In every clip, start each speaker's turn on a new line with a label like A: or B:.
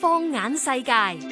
A: 放眼世界。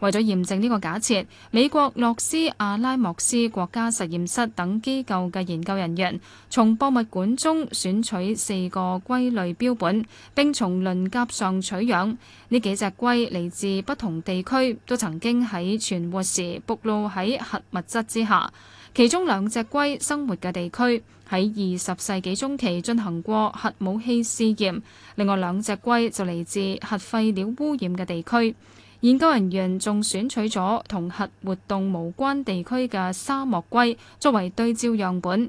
A: 為咗驗證呢個假設，美國洛斯阿拉莫斯國家實驗室等機構嘅研究人員從博物館中選取四個龜類標本，並從鱗甲上取樣。呢幾隻龜嚟自不同地區，都曾經喺存活時暴露喺核物質之下。其中兩隻龜生活嘅地區喺二十世紀中期進行過核武器試驗，另外兩隻龜就嚟自核廢料污染嘅地區。研究人員仲選取咗同核活動無關地區嘅沙漠龜作為對照樣本。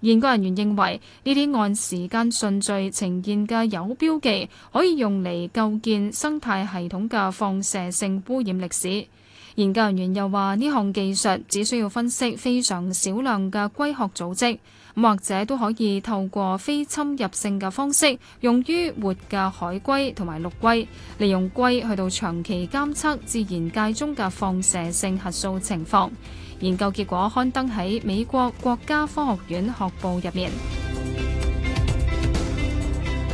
A: 研究人員認為呢啲按時間順序呈現嘅有標記，可以用嚟構建生態系統嘅放射性污染歷史。研究人員又話：呢項技術只需要分析非常少量嘅龜殼組織，或者都可以透過非侵入性嘅方式，用於活嘅海龜同埋陸龜，利用龜去到長期監測自然界中嘅放射性核素情況。研究結果刊登喺美國國家科學院學報入面。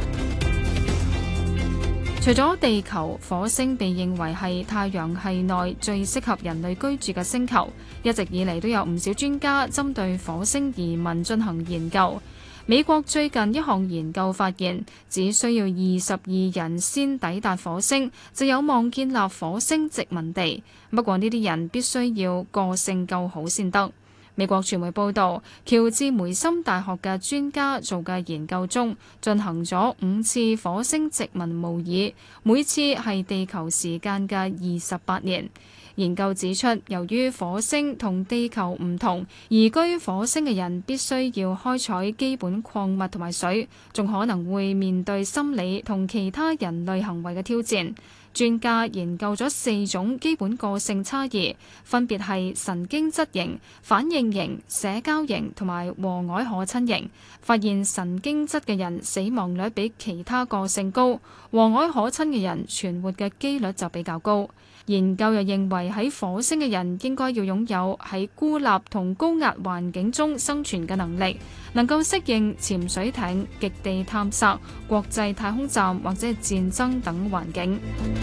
A: 除咗地球，火星被認為係太陽系內最適合人類居住嘅星球，一直以嚟都有唔少專家針對火星移民進行研究。美國最近一項研究發現，只需要二十二人先抵達火星，就有望建立火星殖民地。不過呢啲人必須要個性夠好先得。美國傳媒報道，喬治梅森大學嘅專家做嘅研究中，進行咗五次火星殖民模擬，每次係地球時間嘅二十八年。研究指出，由於火星同地球唔同，移居火星嘅人必須要開採基本礦物同埋水，仲可能會面對心理同其他人類行為嘅挑戰。專家研究咗四種基本個性差異，分別係神經質型、反應型、社交型同埋和藹可親型。發現神經質嘅人死亡率比其他個性高，和藹可親嘅人存活嘅機率就比較高。研究又認為喺火星嘅人應該要擁有喺孤立同高壓環境中生存嘅能力，能夠適應潛水艇、極地探索、國際太空站或者係戰爭等環境。